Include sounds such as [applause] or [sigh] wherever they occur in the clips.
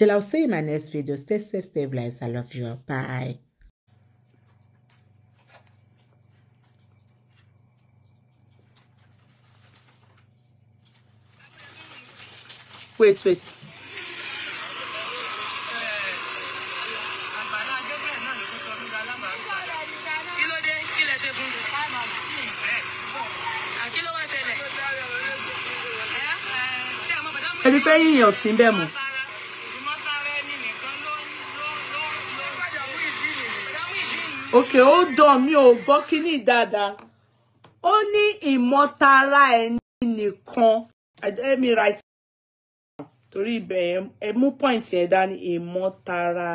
Till I'll see you in my next video. Stay safe, stay blessed. I love you. Bye. Wait, wait. ẹni fẹ́ yíyan sí bẹ́ẹ̀ mọ́. òkè ó dàn mí ò gbọ́ kínní dáadáa ó ní ìmọ̀tara ẹni nìkan ẹ̀mí right torí ibẹ̀ ẹ mú point yẹn dání ìmọ̀tara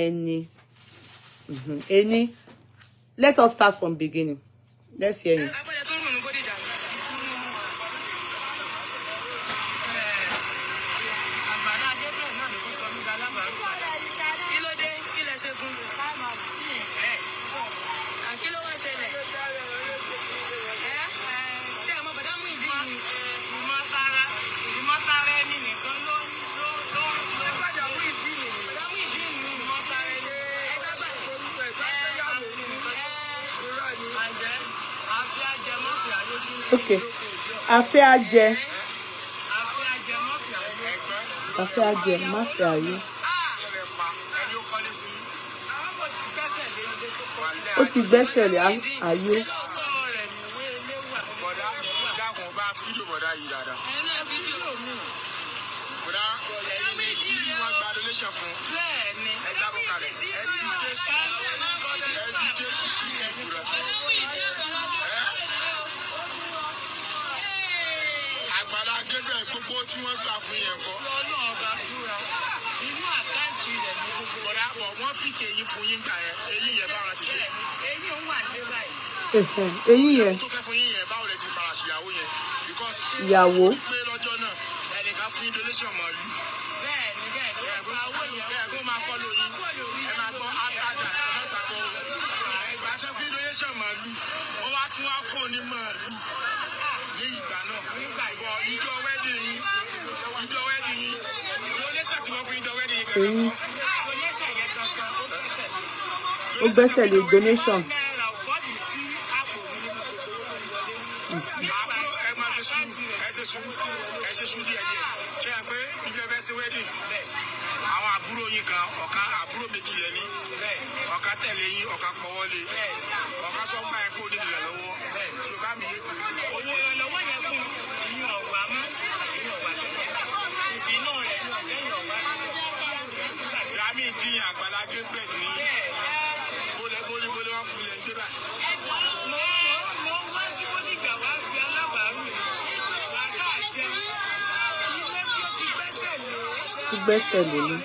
ẹni mhm. ẹni let us start from beginning let's hear you. ok afẹ́ ajẹ afẹ́ ajẹ má fẹ́ ayé ó ti gbẹ́sẹ̀ lé ayé. Bẹ́ẹ̀ni, ẹbí Jésù, ẹbí Jésù Kristi kúrẹ́. Gbàlá Gabriel gbogbo tí wọ́n gbà fún yẹn kọ́. Ọlọ́run ọba búra inú àkáǹtì rẹ̀ ní gbogbo. Bọ̀dá bọ̀ wọ́n fi ti eyín fún yín gbà yẹn eyín yẹn báwọn ti ṣe. Eyín òun wà nílé báyìí. Eyín yẹn. Tó fẹ́ fún yín yẹn báwo lẹ ti para sí yẹn? ìyàwó. Pé lọ́jọ́ náà ẹnìkan fún fún yín mọ̀ lù. Ó wá tún wá fún ní ìgbà náà bọ̀ ìjọ wẹ́dì yín ìjọ wẹ́dì yín ìjọ lẹ́sà tí wọ́n fún ìjọ wẹ́dì yín. ó gbẹ́sẹ̀ lé donation. kúkú gbẹ́sẹ̀ lé ní.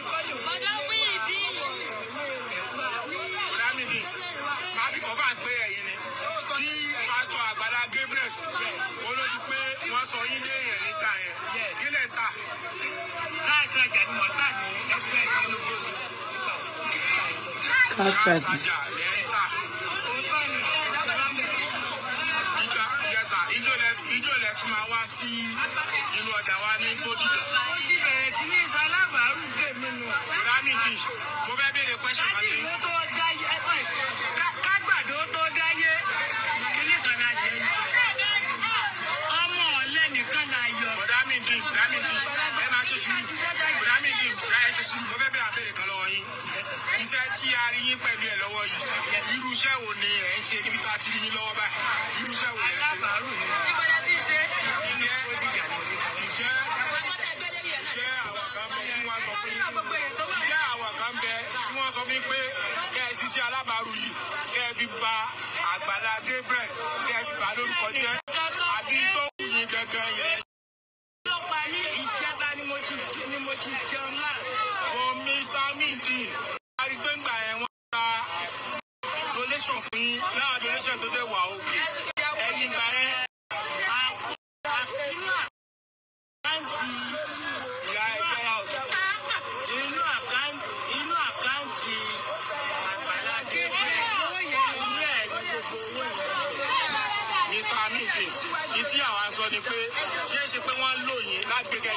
tí a rí yín pẹ̀lú ẹ̀ lọ́wọ́ yìí irú iṣẹ́ wo ni ẹ̀ ń ṣe níbi tó a ti rí yín lọ́wọ́ báyìí irú iṣẹ́ wo ni ẹ̀ ń ṣe. alábàárù ni wọ́n ti ṣe. ìjẹ́ ìjẹ́ ìjẹ́ àwọn kan bẹ ìjẹ́ àwọn kan bẹ tí wọ́n sọ fún yín pé kẹ́ ẹ ṣiṣẹ́ alábàárù yìí kẹ́ ẹ fi ba Àgbàlá Gabriel kẹ́ ẹ fi bà lórúkọ jẹ́ àbí tó wù yín gẹ́gẹ́ yẹn. ọlọ́pàá ní ìjẹta ni mo ti jẹun láti ń gbà ẹ̀ wọ́n gba donation fún yín náà donation tó dẹ̀ wà òkè ẹ̀yìn gbà ẹ̀ àkáǹtì ìyá ẹgbẹ́ house inú àkáǹtì inú àkáǹtì Àgbàlá Gabriel Mr. amíkè ìtí àwọn aṣọ ni pé ṣé é ṣe pé wọ́n ń lò yín láti gbé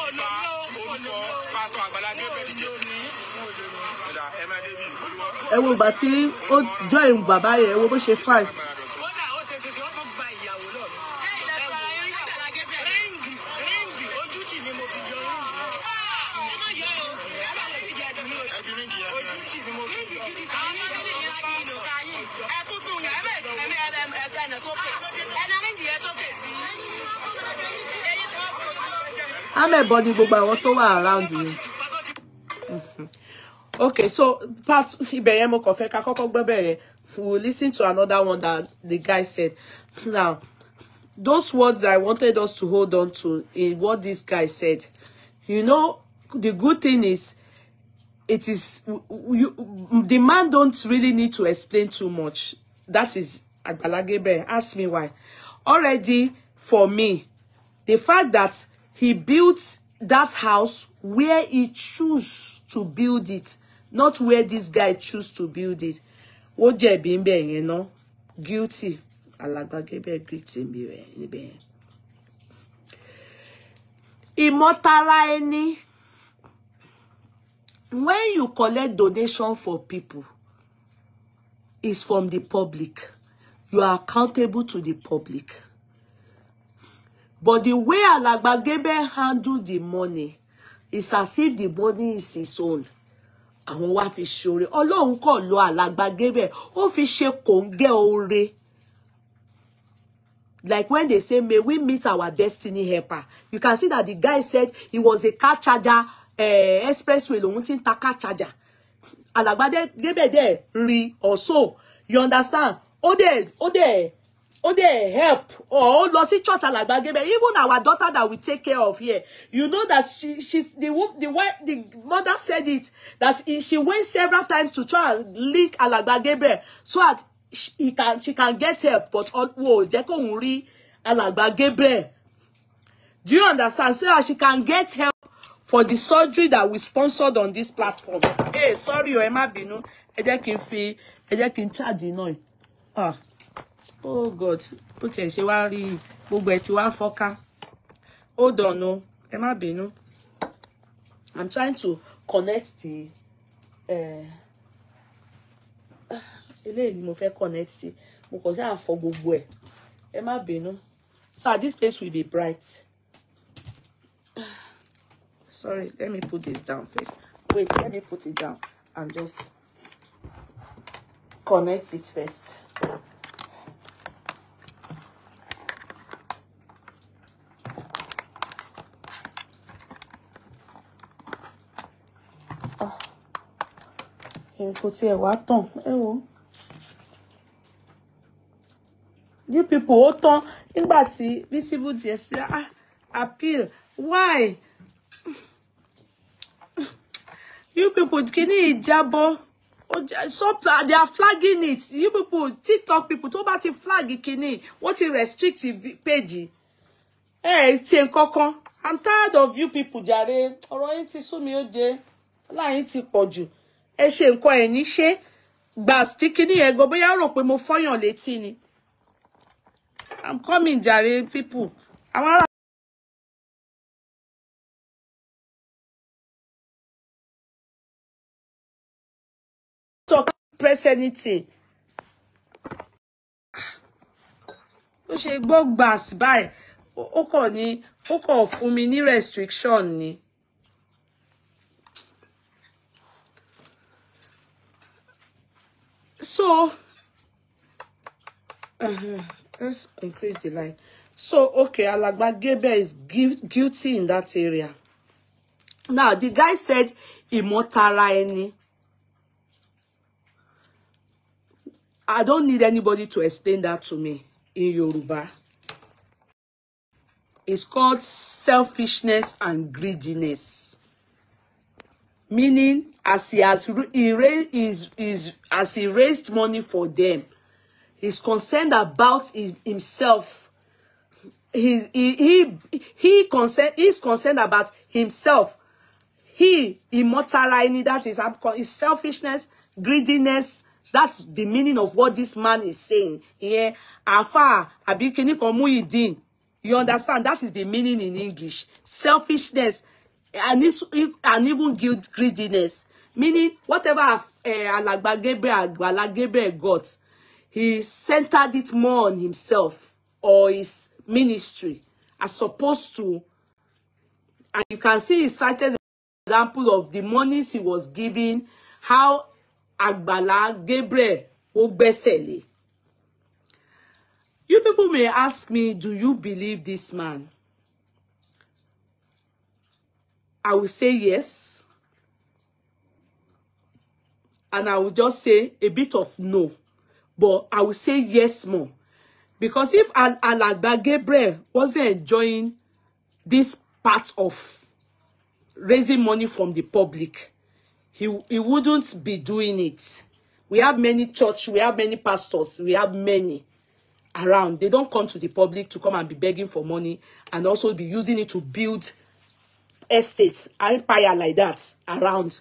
ẹ wo ìgbà tí ó join bàbá yẹn ẹ bó ṣe fine. amẹ́bọ ni gbogbo àwọn tó wà around yẹn okay so part ibẹ̀ yẹn mo kàn fẹ́ we listen to another one that the guy said now those words I wanted us to hold on to is what this guy said you know the good thing is it is you the man don't really need to explain too much that is Agbala ask me why already for me the fact that he built that house where he chose to build it not where this guy choose to build it ó jẹ̀bi ń bẹ̀ yẹn ná guilty alágbàgẹ́bẹ̀ guilty ń bẹ̀ níbẹ̀ yẹn. ìmọ̀tara ẹni when you collect donation for people is from the public you are accountable to the public but the way Alagba alágbàgẹ́bẹ̀ handle the money is as if the money is his own àwọn wá fi ṣoore ọlọ́run kọ̀ lọ alàgbà Gabriel ó fi ṣe kòńgẹ́ oore like when they say may we meet our destiny helper you can see that the guy said he was a car charger uh, expressway lòun ti ń ta car charger alàgbà Gabriel dẹ̀ rí also you understand ó dẹ̀ ó dẹ̀ ó dey help or ó lọ sí church alàgbà gébẹ even our daughter that we take care of here you know that she she's the the wife the mother said it that she went several times to try and link alàgbà so that she can she can get help but oh, jẹ́ kó òun rí alàgbà do you understand so that she can get help for the surgery that we sponsored on this platform hey sorry you ẹ má bínú ẹ jẹ́ kí n fi charge iná yìí ah oh god bó tiẹ̀ ṣe wá rí i gbogbo ẹ̀ ti wá fọ́ká hold on o ẹ má bínú i'm trying to connect the eh, eléyìí ni mo fẹ́ connect sí mo kàn ṣáà fọ gbogbo ẹ̀ ẹ má bínú so at this place will be bright sorry let me put this down first wait let me put it down and just connect it first. Ah, kò tiẹ̀ wá tàn ẹ wo you people ó tán nígbà tí visible díẹ̀ sí ah, appeal why you people kíní ìjábọ̀ so they are flagging it you people tiktok people tó bá ti flag kíní wọ́n ti restrict page ẹ̀ ṣe nǹkan kan i'm tired of you people jàre ọ̀rọ̀ yín ti sú mi ó jẹ́ láyín ti pọ̀ jù ẹ ṣe nǹkan ẹ̀ ní ṣe gbàs tí kíní yẹn gan bóyá rò pé mo fọyàn létí ni i'm coming jàre people àwọn ará. talk press anything ó ṣe gbọ́ gbàs báyìí ó kọ̀ ní ó kọ̀ fún mi ní restriction ni. So, uh -huh. let's increase the light. So, okay, Alagba Gabriel is guilty in that area. Now, the guy said, Imotara eni. I don't need anybody to explain that to me in Yoruba. It's called selfishness and greediness meaning as he has he raised is is as he raised money for them he's concerned about his, himself he's, he he he concern he's concerned about himself he immortality that is his selfishness greediness that's the meaning of what this man is saying here Afar afa abi kini kan Muyideen you understand that is the meaning in English selfishness and, is, and even guilt greediness meaning whatever uh, eh, Alagba Gabriel Agbala Gabriel got he centered it more on himself or his ministry as opposed to and you can see he cited the example of the monies he was giving how Agbala Gabriel Ogbesele you people may ask me do you believe this man I will say yes. And I will just say a bit of no. But I will say yes more. Because if Al Alagba Gabriel wasn't enjoying this part of raising money from the public, he, he wouldn't be doing it. We have many church, we have many pastors, we have many around. They don't come to the public to come and be begging for money and also be using it to build estates empire like that around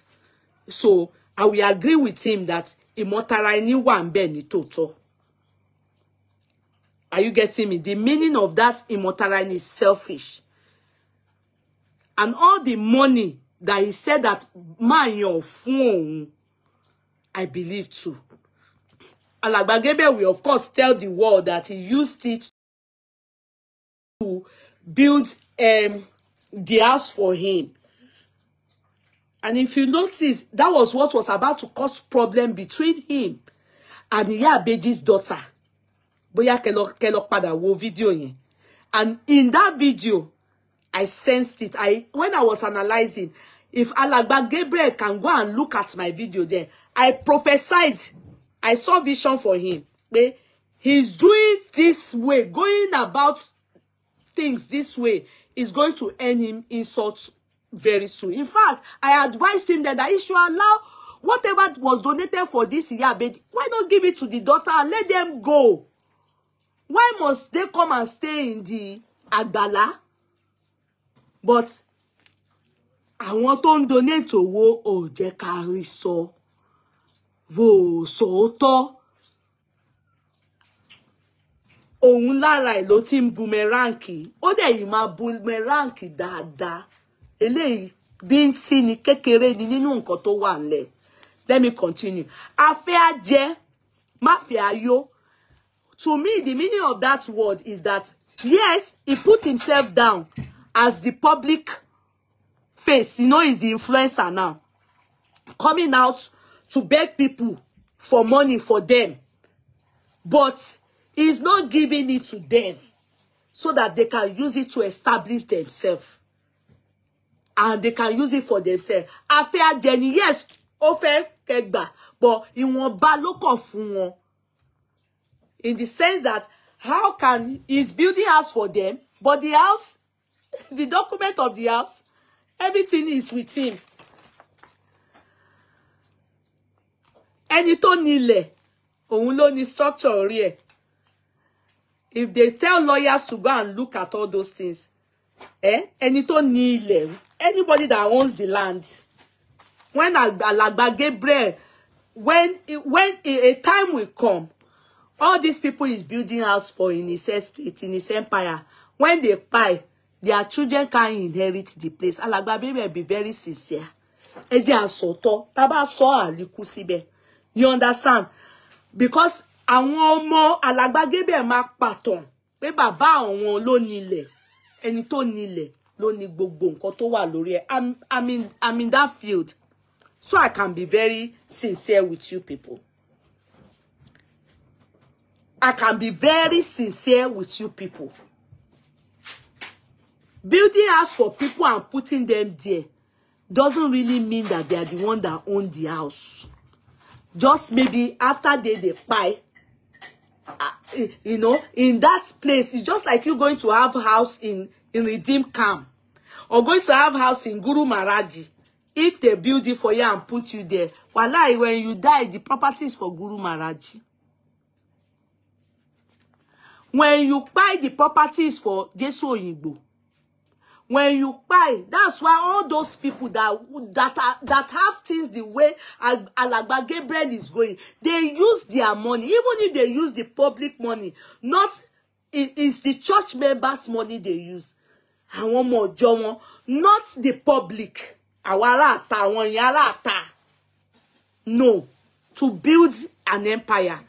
so i will agree with him that ìmọ̀tara ẹni wà ń are you getting me the meaning of that ìmọ̀tara is selfish and all the money that he said that man your fún i believe too Alàgbà will of course tell the world that he used it to build um, the house for him. And if you notice, that was what was about to cause problem between him and Iya daughter. Bóyá kẹ́ lọ kẹ́ lọ padà wo video yẹn. And in that video, I sensed it. I when I was analyzing, if Alagba Gabriel can go and look at my video there, I prophesied. I saw vision for him. he's doing this way, going about things this way is going to earn him insults very soon. In fact, I advised him that, that he should allow whatever was donated for this year, But why not give it to the daughter and let them go? Why must they come and stay in the àgbàlá? But I want ń donate to ò jẹ́ ká rí sọ wò òun lára ẹ̀ ló ti ń bumeranki ó dẹ̀ yìí máa bumeranki dáadáa eléyìí bíntí ni kékeré ni nínú nǹkan tó wà nílẹ̀ let me continue afẹ́ ajẹ́ máfẹ́ ayó to me the meaning of that word is that yes he put himself down as the public face you know he's the influencer now coming out to beg people for money for them but He's not giving it to them so that they can use it to establish themselves. And they can use it for themselves. Afia ajẹni, yes, ó fẹ́ but ìwọ̀nba ló kọ̀ fún In the sense that how can he's building house for them, but the house, [laughs] the document of the house, everything is with him. Ẹni tó nílẹ̀, òun ló ni structure orí if they tell lawyers to go and look at all those things eh ẹni tó ní anybody that owns the land when Alagba Gabriel when when a, time will come all these people is building house for in his estate in his empire when they buy their children can inherit the place Alagba Gabriel be very sincere ẹ Asoto, Taba tá a you understand because àwọn ọmọ Alàgbà máa pàtàn pé bàbá àwọn ló nílẹ̀ ẹni tó nílẹ̀ ló ní gbogbo nǹkan tó wà lórí ẹ̀ i'm in i'm in that field so i can be very sincere with you people i can be very sincere with you people building house for people and putting them there doesn't really mean that they are the one that own the house just maybe after they dey kpai Uh, you know, in that place. It's just like you going to have house in, in Redeem Camp or going to have house in Guru Maharaji. If they build it for you and put you there, wallahi, when you die, the property is for Guru Maharaji. When you buy the properties for Jesu Oyingbo, when you kpai that's why all those people that that are, that have things the way Alagba Gabriel is going they use their money even if they use the public money not it is the church members money they use And one more wọn not the public àwọn aráàta àwọn èèyàn no to build an empire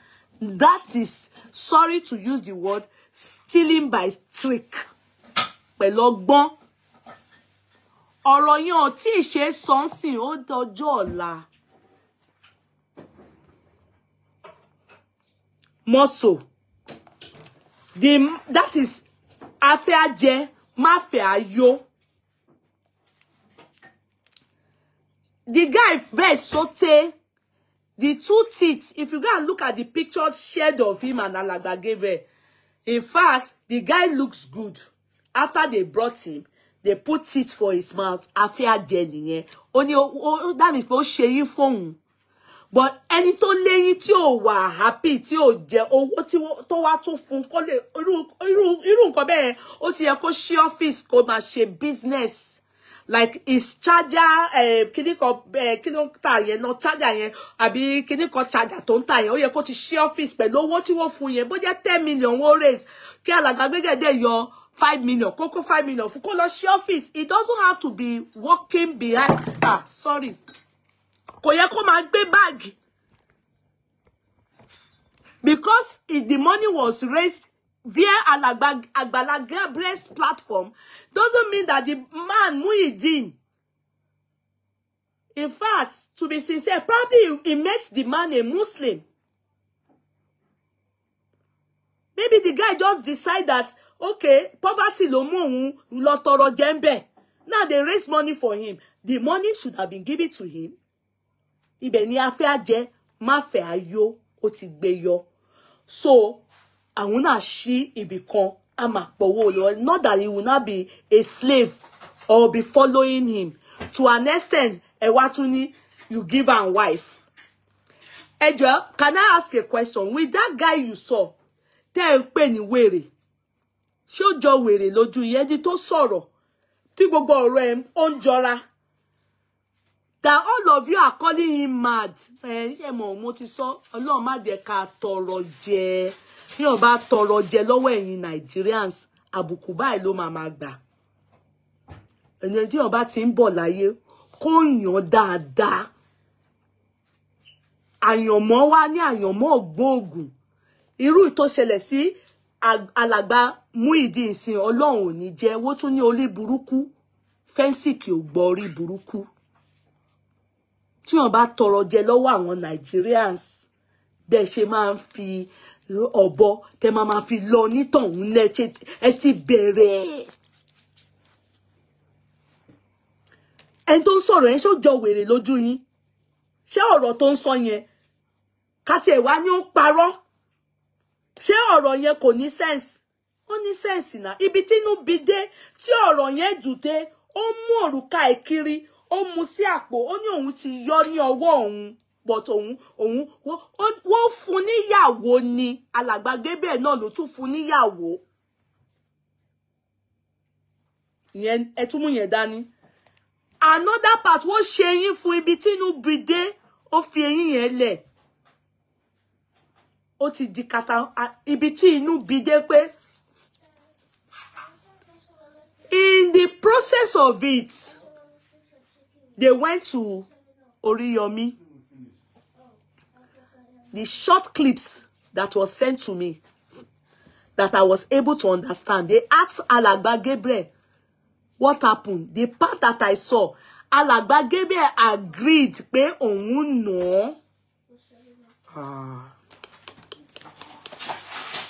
that is sorry to use the word stealing by trick pẹ̀lú ọgbọ́n ọ̀rọ̀ yẹn ò tí ì ṣe sọ́nsìn ó dọjọ́ ọ̀la. mọ́sọ̀ the that is afẹ́ ajẹ́ máfẹ́ ayó. The guy vex saute. The two teeth, if you go and look at the pictured shared of him and Alagba Gabriel, in fact, the guy looks good after they brought him they put it for his mouth àfi àjẹ nìyẹn ó ní ó that means pé ó ṣe but any to léyìn tí ò wa happy tí ò jẹ owó tí tó wá tún fún kó lè iru iru nǹkan bẹ́ẹ̀ ó ti yẹ kó ṣí ọ́fíìsì kó máa ṣe business like is charger eh, kini kan eh, kíní kan tà yẹn charger yẹn Abi kini kan charger tó ń tà yẹn ó yẹ kó ti ṣí ọ́fíìsì pẹ̀lú owó tí wọ́n fún yẹn bó jẹ́ ten million wọ́n raise kí alàgbà gbẹ́gẹ́dẹ́ yo five million kó five million fún kó lọ sí ọ́fíìsì it doesn't have to be working behind ah sorry kò yẹ kó máa gbé báàgì because if the money was raised via Alagba Agbala Gabriel's platform doesn't mean that the man Muyideen in fact to be sincere probably he met the man a Muslim maybe the guy just decide that okay poverty ló mú òun lọ tọrọ jẹ ń now they raise money for him the money should have been given to him ibẹ̀ ni afẹ́ àjẹ máfẹ́ ayó ó ti gbé yọ so àwọn náà ṣí ibì kan a máa pọ̀wó lọ not that he will not be a slave or be following him to an extent ẹ wá tún you give am wife ẹ can I ask a question with that guy you saw tẹ́ ẹ ń pè ṣé o jọ wèrè lójú yẹn ẹni tó sọ̀rọ̀ tí gbogbo ọ̀rọ̀ ẹ̀ ó ń jọra that all of you are him mad ẹ ti sọ ọlọ́run má jẹ́ ká tọrọ jẹ bí bá tọrọ jẹ lọ́wọ́ ẹ̀yin Nigerians àbùkù báyìí ló máa máa gbà ẹ̀yìn tí wọ́n bá ti ń bọ̀ láyé kó yàn dáadáa àyànmọ́ wá ní àyànmọ́ ògbóògùn irú ìtó sí alàgbà Muyideen ìsìn ọlọ́run ò ní jẹ́ wọ́n tún ní orí burúkú fẹ́ǹsìkì ò gbọ́ orí burúkú tí wọ́n bá tọrọ jẹ lọ́wọ́ àwọn Nigerians dẹ̀ ṣe máa ń fi ọ̀bọ tẹ́ máa máa fi lọ nítọ̀hún lẹ́ẹ̀ṣẹ̀ ẹ ti bẹ̀rẹ̀ ẹ̀. ẹni tó ń sọ̀rọ̀ yẹn ṣó jọ wèrè lójú yín ṣé ọ̀rọ̀ tó ń sọ yẹn ká tiẹ̀ wá ní ó parọ́ se ọ̀rọ̀ yẹn ko ni sense ó ní sẹ́ǹsì náà ibi tínú bí dé tí ọ̀rọ̀ yẹn jù dé ó mú òrùka ẹ̀ kiri mu si àpò o ni òun ti yọ ni ọwọ́ òun but òun òun wọ́n fún níyàwó ni alàgbàgbé bẹ́ẹ̀ náà ló tún fún níyàwó ìyẹn ẹ tún mú yẹn dání another part wọ́n se eyín fún ibi tínú bí dé ó fi eyin yẹn le. ó ti di kata ibi tí inú bí dé pé in the process of it they went to Oriyomi the short clips that was sent to me that I was able to understand. They asked Alagba Gabriel what happened. The part that I saw, Alagba Gabriel agreed pé òun no. Ah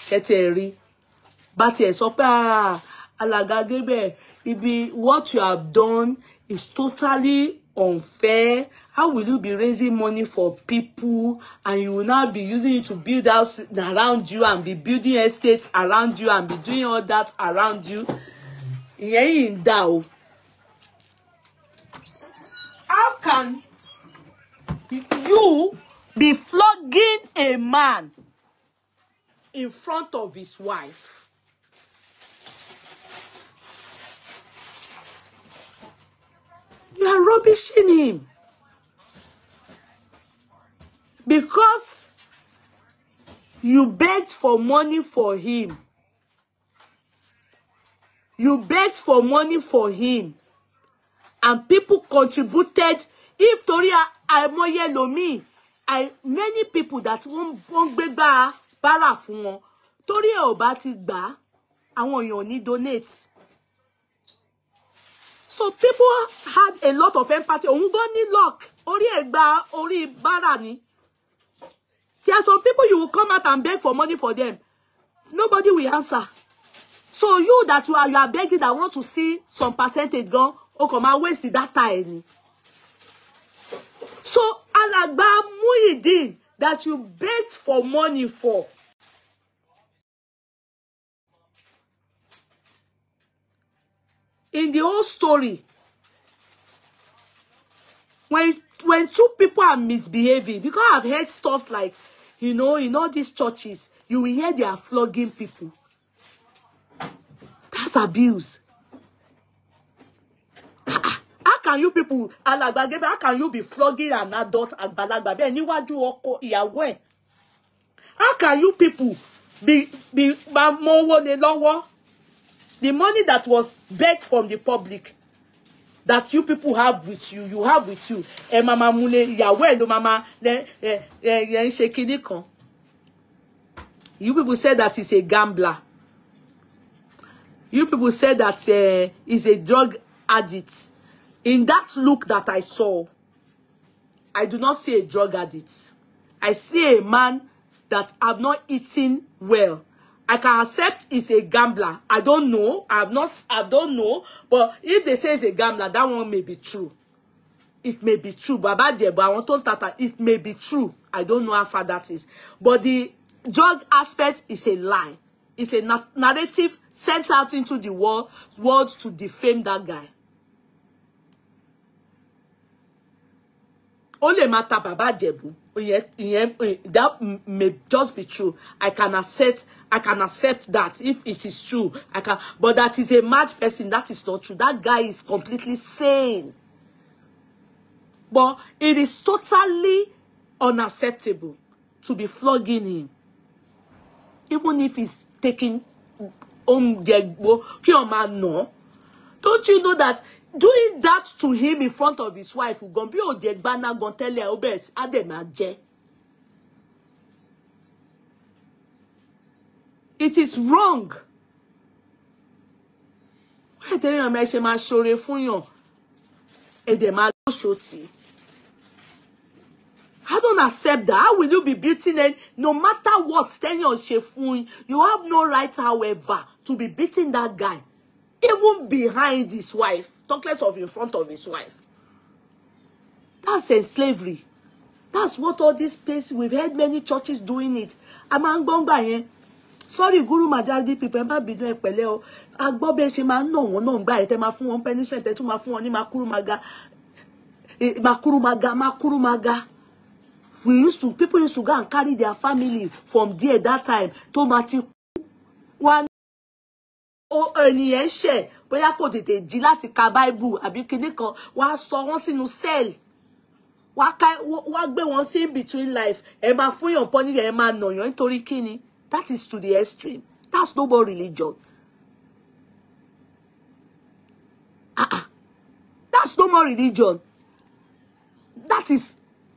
ṣe tiẹ̀ rí bá tiẹ̀ sọ pé ah, alàgbà Gabriel ibi what you have done is totally unfair how will you be raising money for people and you will now be using it to build house around you and be building estates around you and be doing all that around you ìyẹn yìí ń dà o how can you be flogging a man in front of his wife. You are rubbishing him. Because you begged for money for him. You begged for money for him. And people contributed. If Toria àìmọye lomi, I many people that wọ́n gbégbá bárà fún wọn torí ẹ ò bá ti gbà á àwọn èèyàn ní donate so people had a lot of empathy òun gan ní luck orí ẹ gba orí bárà ni there are some people you will come out and beg for money for them nobody will answer so you that you are, you are begging that want to see some percentage gan o kò máa waste data ẹ ni so alàgbà Muyideen that you begged for money for. In the whole story, when when two people are misbehaving, because I've heard stuff like, you know, in all these churches, you will hear they are flogging people. That's abuse can you people alàgbà Gabriel how can you be flogging an adult àgbàlagbà bẹ́ẹ̀ níwájú ọkọ ìyàwó ẹ̀ how can you people be be máa mọ owó lé lọ́wọ́ the money that was begged from the public that you people have with you you have with you ẹ máa máa múlé ìyàwó ẹ̀ ló máa máa lẹ ẹ ẹ kan you people say that is a gambler you people say that uh, he's a drug addict In that look that I saw, I do not see a drug addict. I see a man that have not eaten well. I can accept he's a gambler. I don't know. I have not. I don't know. But if they say he's a gambler, that one may be true. It may be true. Baba dear, but I want to tell tata. It may be true. I don't know how far that is. But the drug aspect is a lie. It's a narrative sent out into the world, world to defame that guy. ó lè máa ta bàbá àjẹ̀bú that may just be true i can accept i can accept that if it is true i can but that is a mad person that is not true that guy is completely sane but it is totally unacceptable to be flogging him even if he's taking home gegbo kí o máa don't you know that doing that to him in front of his wife gan bí òjẹ gbaná gan tẹ́lẹ̀ ó bẹ̀rẹ̀ sí àdèmà jẹ́. it is wrong. wọ́n ètò èèyàn mẹ́ ṣe máa ṣoore fún yàn èdè máa lọ́ṣọ́ tì í. I don't accept that. How will you be beaten? And no matter what, tell your she you have no right, however, to be beating that guy even behind his wife talk less of in front of his wife that's in slavery that's what all these places we've heard many churches doing it a sorry guru madadi people ẹ má doing it pẹ̀lẹ́ o a gbọ́ bẹ́ẹ̀ ṣe máa ń nà wọ́n náà gbà ẹ̀ tẹ́ máa fún wọn punishment ẹ̀ tún máa fún makuru e, maga makuru maga makuru maga we used to people used to go and carry their family from there that time tó máa ti ènìyàn ṣẹ̀ bóyá kò tètè jí láti ka bible àbí kinní kan wá sọ wọ́n sínú cell wá gbé wọn sí in between life ẹ máa fún yàn pọ́n nílẹ̀ ẹ máa nà nítorí kíni that is to the extreme that's no more religion ah ah that's no more religion that is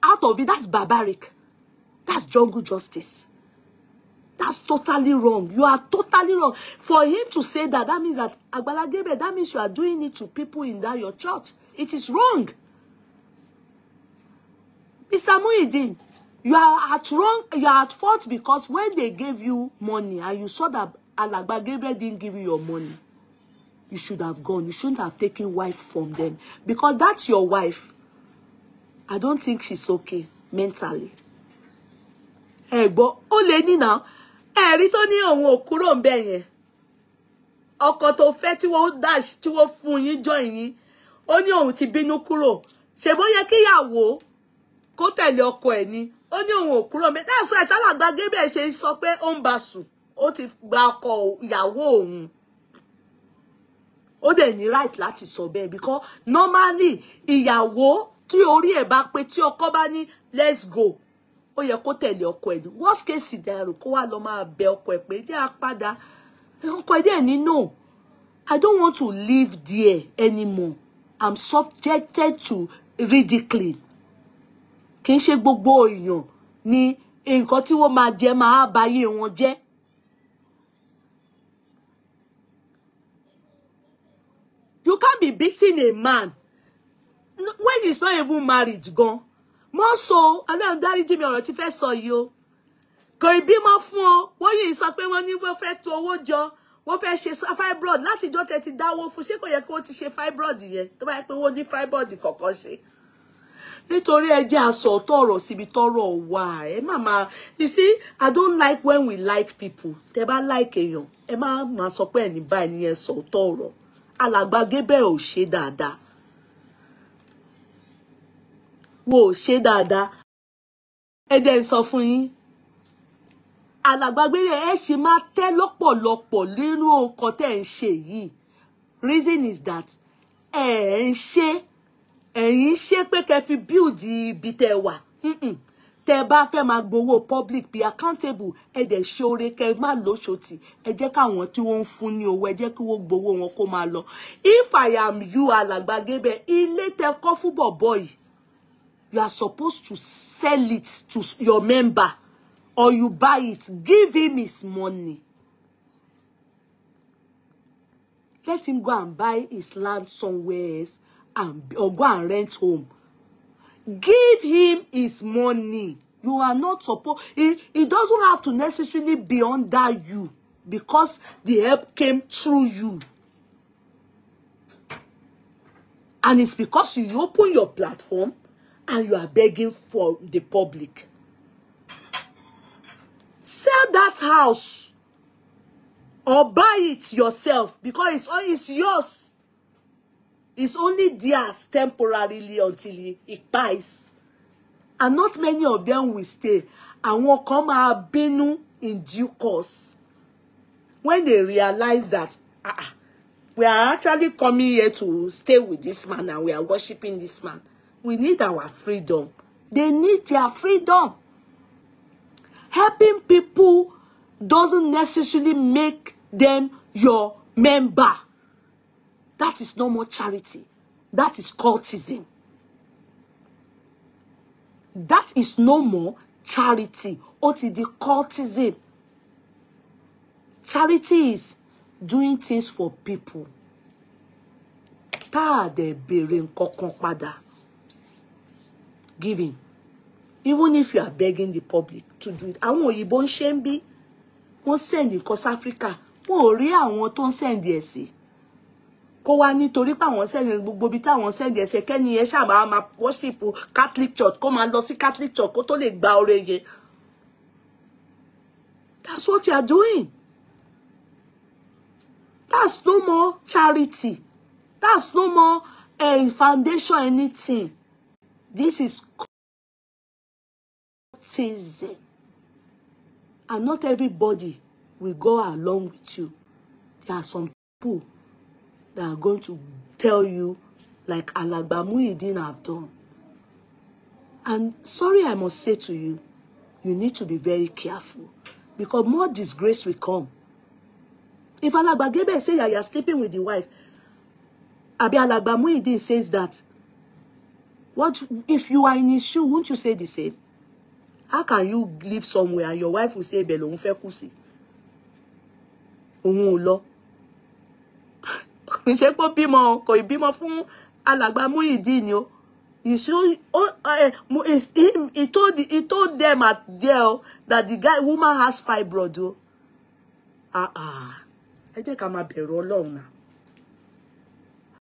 out of it that's barbaric that's jungle justice. That's totally wrong. You are totally wrong. For him to say that, that means that, Agbala Gabriel, that means you are doing it to people in that your church. It is wrong. Mr. Muhyiddin, you are at wrong, you are at fault because when they gave you money and you saw that Alagba Gabriel didn't give you your money, you should have gone. You shouldn't have taken wife from them because that's your wife. I don't think she's okay mentally. Hey, but only now, ẹ̀rí tó ní òun ò kúrò ń bẹ̀ yẹn ọkọ tó fẹ́ tí wọ́n dash tí wọ́n fún yín jọ yín ó ti bínú kúrò ṣe bó yẹ kíyàwó kó tẹ̀lé ọkọ̀ ẹ̀ ni ó ní òun ò kúrò ń bẹ̀ gba ọkọ ìyàwó òun ó dẹ̀ ní right láti sọ bẹ́ẹ̀ normally ìyàwó tí orí ẹ̀ bá pé ọkọ bá let's go ó yẹ kó tẹ̀lé ọkọ ẹ̀ worst case scenario kó wá lọ máa bẹ ọkọ ẹ̀ pé jẹ́ apadà ọkọ ẹ̀ díẹ̀ ní no I don't want to live there anymore I'm subjected to ridicule kì í ṣe gbogbo èèyàn ni nǹkan tí wọ́n máa jẹ máa bayé wọn jẹ́ you can't be beating a man when he's not even married gan mo so, Ọlọ́run dáríjì mi ọ̀rọ̀ tí fẹ́ sọ yìí o kò ì bímọ fún ọ wọ́n yìí sọ pé wọ́n ní wọ́n fẹ́ to owó jọ wọ́n fẹ́ ṣe fibroid láti ìjọ tẹ́ ti dáwó fún ṣé kò yẹ kí wọ́n ti ṣe fibroid yẹn tó bá yẹ pé wọ́n ní fibroid kọ̀ọ̀kan ṣe nítorí ẹ jẹ́ aṣọ tọrọ síbi tọrọ wà ẹ you see i don't like when we like people tẹ́ bá like èèyàn ẹ má máa sọ pé ẹni báyìí ni ẹ sọ tọrọ alàgbà Gabriel ò ṣe dáadáa wo ò ṣe dáadáa ẹ jẹ́ ń sọ fún yín alàgbàgbé rẹ̀ ẹ ṣì máa tẹ́ lọ́pọ̀lọpọ̀ nínú nǹkan tẹ́ ń ṣe yìí reason is that ẹ ń ṣe ẹ̀yin ṣe pé kẹ́ fi build ibi tẹ́ wà tẹ́ bá fẹ́ máa gbowó public be accountable ẹ dẹ̀ ṣoore kẹ́ má lóṣòtì ẹ jẹ́ káwọn tí wọ́n ń fún ní owó ẹ jẹ́ kí wọ́n gbowó wọn kó máa lọ if i am you alàgbàgbé bẹ́ẹ̀ ilé tẹ́ kọ́ fún bọ̀bọ̀ yìí you are supposed to sell it to your member or you buy it. Give him his money. Let him go and buy his land somewhere else and, or go and rent home. Give him his money. You are not supposed, it, it doesn't have to necessarily be under you because the help came through you. And it's because you open your platform and you are begging for the public. Sell that house or buy it yourself because it's, all it's yours. It's only theirs temporarily until it buys. And not many of them will stay. and will come out. Benu in due course. When they realize that, ah, ah, we are actually coming here to stay with this man and we are worshiping this man. We need our freedom. They need their freedom. Helping people doesn't necessarily make them your member. That is no more charity. That is cultism. That is no more charity. Ó ti di cultism. Charity is doing things for people. Tá a dẹ̀ béèrè nǹkan kan giving even if you are begging the public to do it àwọn òyìnbó ń ṣe ń send nǹkan Africa wọn ò rí àwọn tó send ẹ̀ sí kó wá nítorí pé send gbogbo ibi táwọn send ẹ̀ sí kẹ́ni ẹ̀ ṣàbà máa worship Catholic Church kó máa lọ sí Catholic Church kó to lè gba oore that's what you are doing that's no more charity that's no more a uh, eh, foundation anything. This is cultism. And not everybody will go along with you. There are some people that are going to tell you like Alagba Idin have done. And sorry I must say to you, you need to be very careful because more disgrace will come. If Alagba Gabriel say that you are sleeping with the wife, Abi Alagba Idin says that What if you are in his shoe, won't you say the same? How can you live somewhere and your wife will say, Belo, òun kusi? kú sí? Òun ò lọ. Kò ṣe pé bímọ, kò bímọ fún alàgbà Muyideen ni o. You see, oh, uh, him, he told he told them at there that the guy woman has fibroid. Ah ah. I think I'm a bẹ̀rù Ọlọ́run náà.